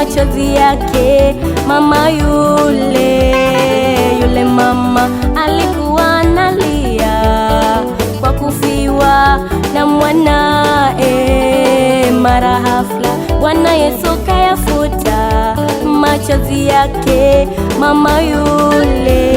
machozi yake. Mama yule yule, mama alikuwa analia kwa kufiwa na mwanae. Mara hafla Bwana Yesu kayafuta machozi yake, mama yule